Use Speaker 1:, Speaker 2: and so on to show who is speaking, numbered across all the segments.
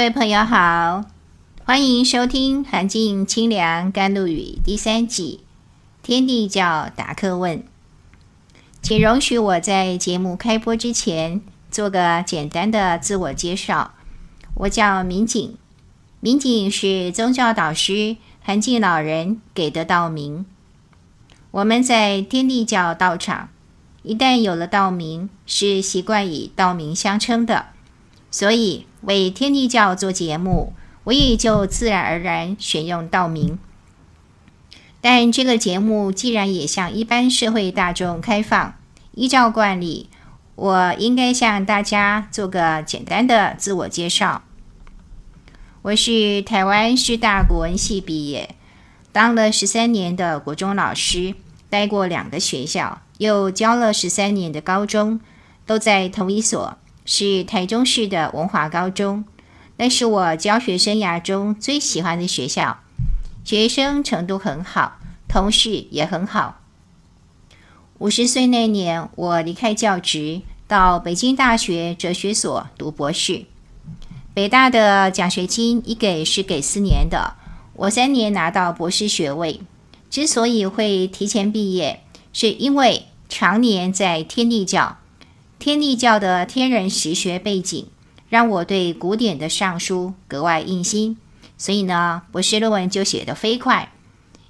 Speaker 1: 各位朋友好，歡迎收聽《涵靜清涼甘露語》第三集《天帝教答客問》。請容許我在節目開播之前做個簡單的自我介紹。我叫民警，民警是宗教導師涵靜老人給的道名。我們在天帝教道場，一旦有了道名，是習慣以道名相稱的。所以為天帝教做節目，我也就自然而然選用道明。但這個節目既然也向一般社會大眾開放，依照慣例，我應該向大家做個簡單的自我介紹。我是台灣師大國文系畢業，當了13年的國中老師，待過兩個學校，又教了13年的高中，都在同一所。是台中市的文化高中，那是我教學生涯中最喜歡的學校，學生程度很好，同事也很好。五十歲那年，我離開教職，到北京大學哲學所讀博士。北大的獎學金一給是給四年的，我三年拿到博士學位。之所以會提前畢業，是因為常年在天帝教。天帝教的天人實學背景讓我對古典的尚書格外印心，所以呢，博士論文就寫得飛快，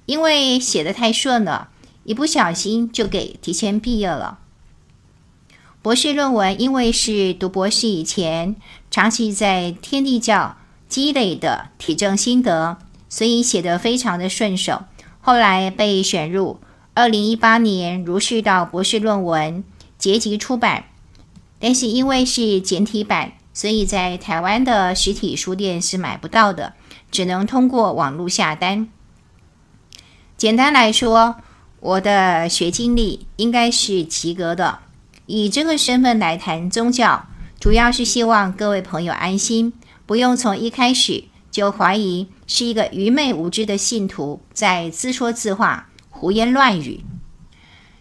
Speaker 1: 因為寫得太順了，一不小心就給提前畢業了。博士論文因為是讀博士以前長期在天帝教積累的體證心得，所以寫得非常的順手，後來被選入二零一八年儒釋道博士論文結集出版。但是因為是簡體版，所以在台灣的實體書店是買不到的，只能通過網絡下單。簡單來說，我的學經歷應該是及格的。以這個身份來談宗教，主要是希望各位朋友安心，不用從一開始就懷疑是一個愚昧無知的信徒在自說自話、胡言亂語。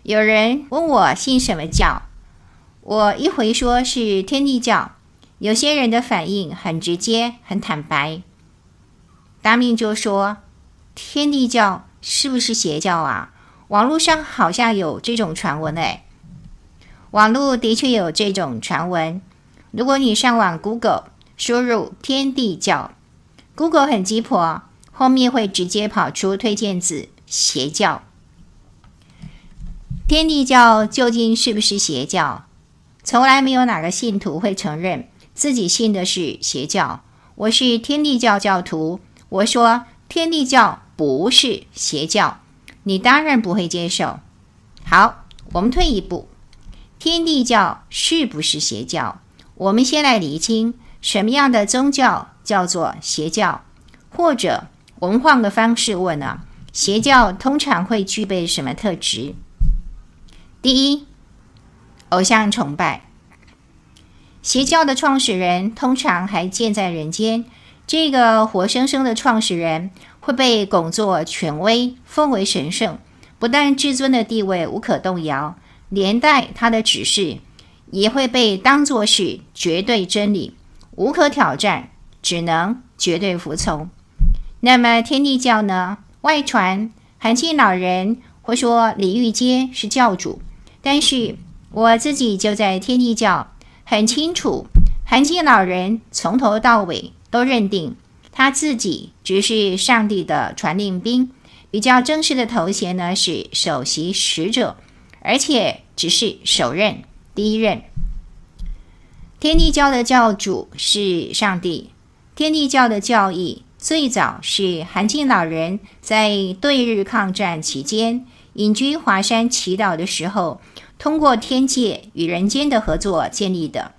Speaker 1: 有人問我信什麼教？我一回說是天帝教，有些人的反應很直接、很坦白。當面就說：“天帝教是不是邪教啊？網絡上好像有這種傳聞誒。”網絡的確有這種傳聞。如果你上網 Google 輸入“天帝教 ”，Google 很雞婆，後面會直接跑出推薦字“邪教”。天帝教究竟是不是邪教？從來沒有哪個信徒會承認自己信的是邪教。我是天地教教徒，我說天帝教不是邪教，你當然不會接受。好，我們退一步，天帝教是不是邪教？我們先來釐清，什麼樣的宗教叫做邪教，或者我們換個方式問啊，邪教通常會具備什麼特質？第一。偶像崇拜，邪教的創始人通常還健在人間。這個活生生的創始人會被拱作權威，奉為神聖，不但至尊的地位無可動搖，連帶他的指示也會被當作是絕對真理，無可挑戰，只能絕對服從。那麼天帝教呢？外傳涵靜老人或說李玉階是教主，但是。我自己就在天帝教很清楚，涵靜老人從頭到尾都認定他自己只是上帝的傳令兵，比較正式的頭銜呢是首席使者，而且只是首任，第一任。天帝教的教主是上帝，天帝教的教義最早是涵靜老人在對日抗戰期間隱居華山祈禱的時候。通過天界與人間的合作建立的，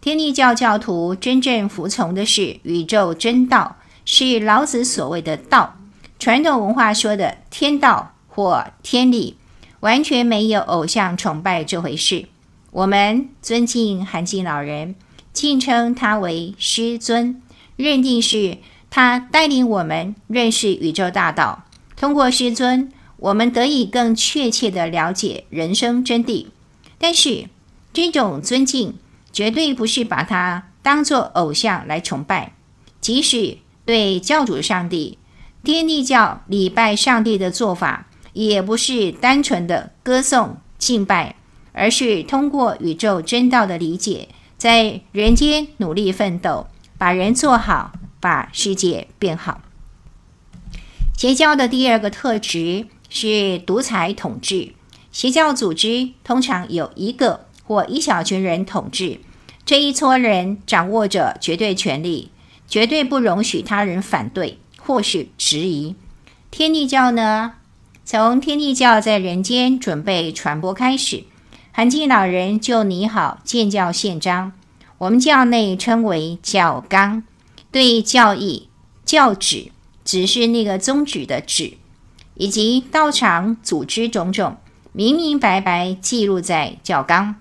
Speaker 1: 天帝教教徒真正服從的是宇宙真道，是老子所謂的道，傳統文化說的天道或天理，完全沒有偶像崇拜這回事。我們尊敬涵靜老人，敬稱他為師尊，認定是他帶領我們認識宇宙大道，通過師尊。我們得以更確切地了解人生真諦，但是這種尊敬絕對不是把他當作偶像來崇拜。即使對教主上帝，天帝教禮拜上帝的做法，也不是單純的歌頌敬拜，而是通過宇宙真道的理解，在人間努力奮鬥，把人做好，把世界變好。邪教的第二個特質，是獨裁統治，邪教組織通常由一個或一小群人統治，這一撮人掌握着絕對權力，絕對不容許他人反對或是質疑。天帝教呢？從天帝教在人間準備傳播開始，涵靜老人就擬好建教憲章，我們教內稱為教綱，對教義、教旨，只是那個宗旨的旨。以及道場組織種種，明明白白記錄在教綱。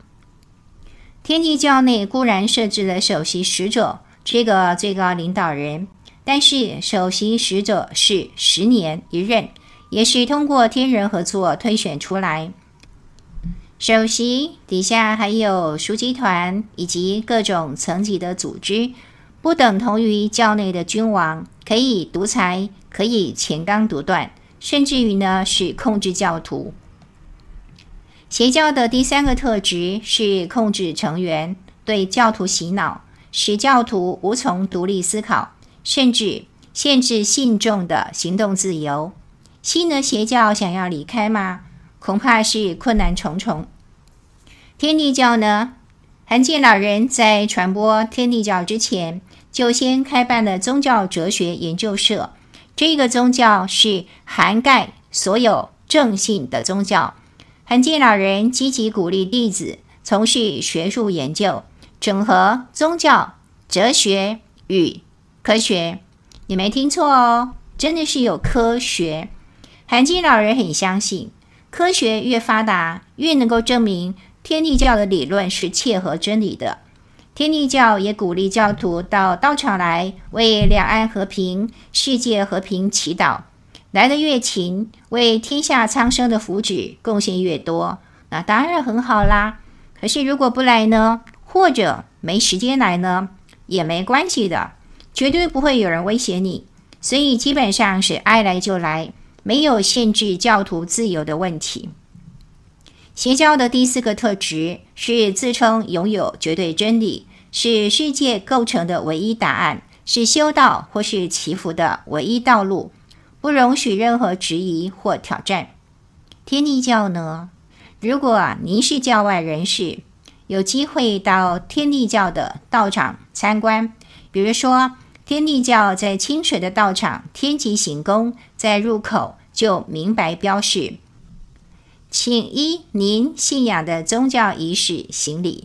Speaker 1: 天帝教內固然設置了首席使者這個最高領導人，但是首席使者是十年一任，也是通過天人合作推選出來。首席底下還有樞機團以及各種層級的組織，不等同於教內的君王，可以獨裁，可以乾綱獨斷。甚至於呢，是控制教徒。邪教的第三個特質是控制成員，對教徒洗腦，使教徒無從獨立思考，甚至限制信眾的行動自由。信了邪教想要離開嗎？恐怕是困難重重。天帝教呢？涵靜老人在傳播天帝教之前，就先開辦了宗教哲學研究社。這個宗教是涵蓋所有正信的宗教。涵靜老人積極鼓勵弟子從事學術研究，整合宗教、哲學與科學。你沒聽錯哦，真的是有科學。涵靜老人很相信，科學越發達，越能夠證明天帝教的理論是切合真理的。天帝教也鼓勵教徒到道場來，為兩岸和平、世界和平祈禱。來得越勤，為天下蒼生的福祉貢獻越多，那當然很好啦。可是如果不來呢，或者沒時間來呢，也沒關係的，絕對不會有人威脅你。所以基本上是愛來就來，沒有限制教徒自由的問題。邪教的第四個特質，是自稱擁有絕對真理，是世界構成的唯一答案，是修道或是祈福的唯一道路，不容許任何質疑或挑戰。天帝教呢？如果您是教外人士，有機會到天帝教的道場參觀，比如說天帝教在清水的道場天極行宮，在入口就明白標示。請依您信仰的宗教儀式行禮。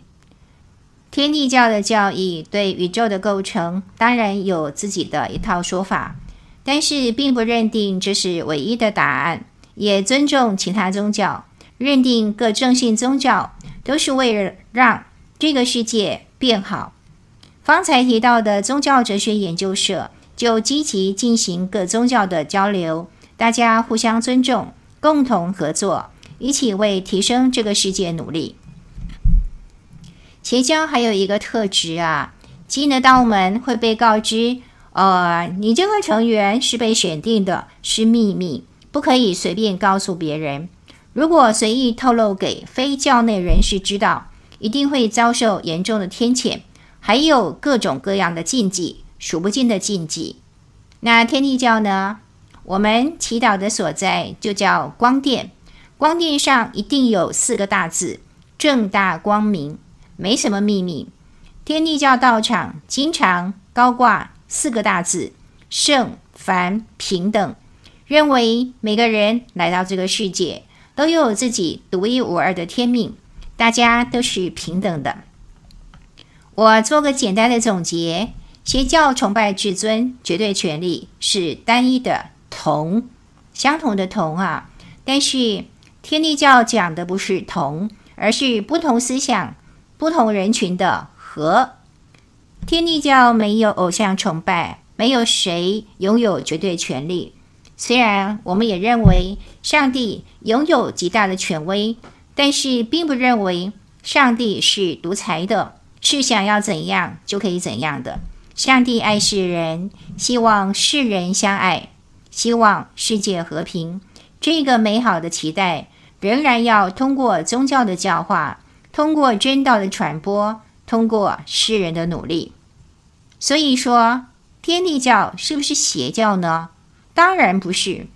Speaker 1: 天帝教的教義對宇宙的構成當然有自己的一套說法，但是並不認定這是唯一的答案，也尊重其他宗教，認定各正信宗教都是為了讓這個世界變好。方才提到的宗教哲學研究社，就積極進行各宗教的交流，大家互相尊重，共同合作。一起為提升這個世界努力。邪教還有一個特質啊，進了道門，會被告知，呃，你這個成員是被選定的，是秘密，不可以隨便告訴別人。如果隨意透露給非教內人士知道，一定會遭受嚴重的天譴，還有各種各樣的禁忌，數不盡的禁忌。那天帝教呢？我們祈禱的所在就叫光殿。光殿上一定有四個大字：正大光明，沒什麼秘密。天帝教道場經常高掛四個大字：聖凡平等，認為每個人來到這個世界都有自己獨一無二的天命，大家都是平等的。我做個簡單的總結：邪教崇拜至尊、絕對權力是單一的同，相同的同啊，但是。天帝教講的不是同，而是不同思想、不同人群的和。天帝教沒有偶像崇拜，沒有誰擁有絕對權力。雖然我們也認為上帝擁有極大的權威，但是並不認為上帝是獨裁的，是想要怎樣就可以怎樣的。上帝愛世人，希望世人相愛，希望世界和平。這個美好的期待，仍然要通過宗教的教化，通過真道的傳播，通過世人的努力。所以說，天帝教是不是邪教呢？當然不是。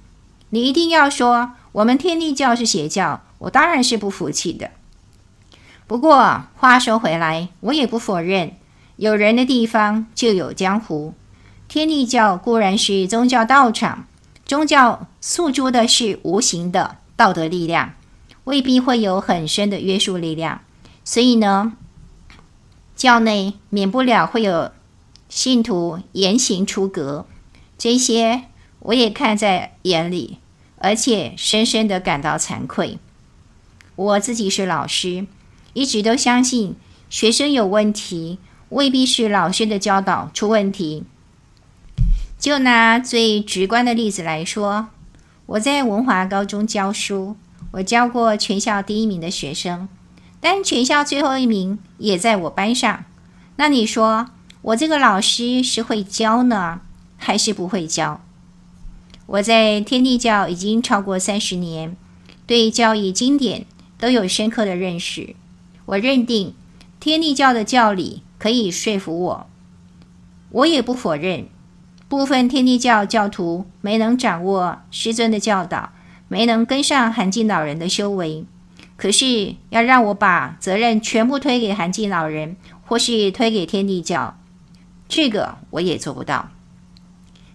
Speaker 1: 你一定要說我們天帝教是邪教，我當然是不服氣的。不過話說回來，我也不否認，有人的地方就有江湖。天帝教固然是宗教道場。宗教訴諸的是無形的道德力量，未必會有很深的約束力量，所以呢，教內免不了會有信徒言行出格，這些我也看在眼裡，而且深深的感到慚愧。我自己是老師，一直都相信學生有問題，未必是老師的教導出問題。就拿最直觀的例子來說，我在文華高中教書，我教過全校第一名的學生，但全校最後一名也在我班上。那你說，我這個老師是會教呢，還是不會教？我在天帝教已經超過三十年，對教義經典都有深刻的認識。我認定天帝教的教理可以說服我，我也不否認。部分天帝教教徒沒能掌握師尊的教導，沒能跟上涵靜老人的修為。可是要讓我把責任全部推給涵靜老人，或是推給天帝教，這個我也做不到。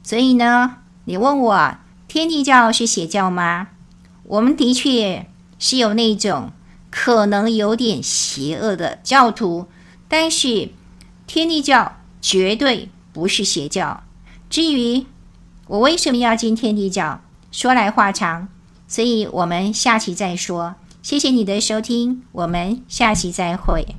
Speaker 1: 所以呢，你問我天帝教是邪教嗎？我們的確是有那種可能有點邪惡的教徒，但是天帝教絕對不是邪教。至於我為什麼要進天帝教，說來話長，所以我們下期再說。謝謝你的收聽，我們下期再會。